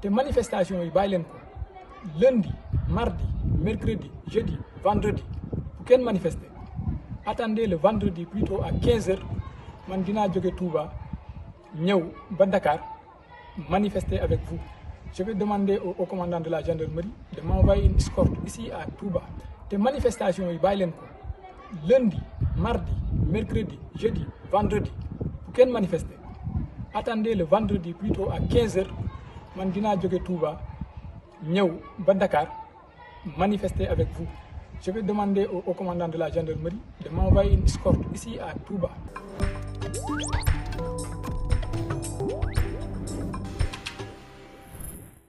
te manifestation yi bàyyi leen ko lundi mardi mercredi jeudi vendredi bu kenn manifester attendez le vendredi plutôt à 15 heures man dinaa jóge Touba ñëw ba Dakar manifester avec vous je vais demander au, au commandant de la gendarmerie de m'envoyer une escorte ici à Touba te manifestation yi bàyyi leen ko. lundi mardi mercredi jeudi vendredi bu kenn manifeste attender le vendredi plutôt à 15 heures man dinaa jóge Touba ñëw ba Dakar manifester avec vous je demande demander au, commandant de la gendarmerie de m'envoyer une escorte ici à Touba.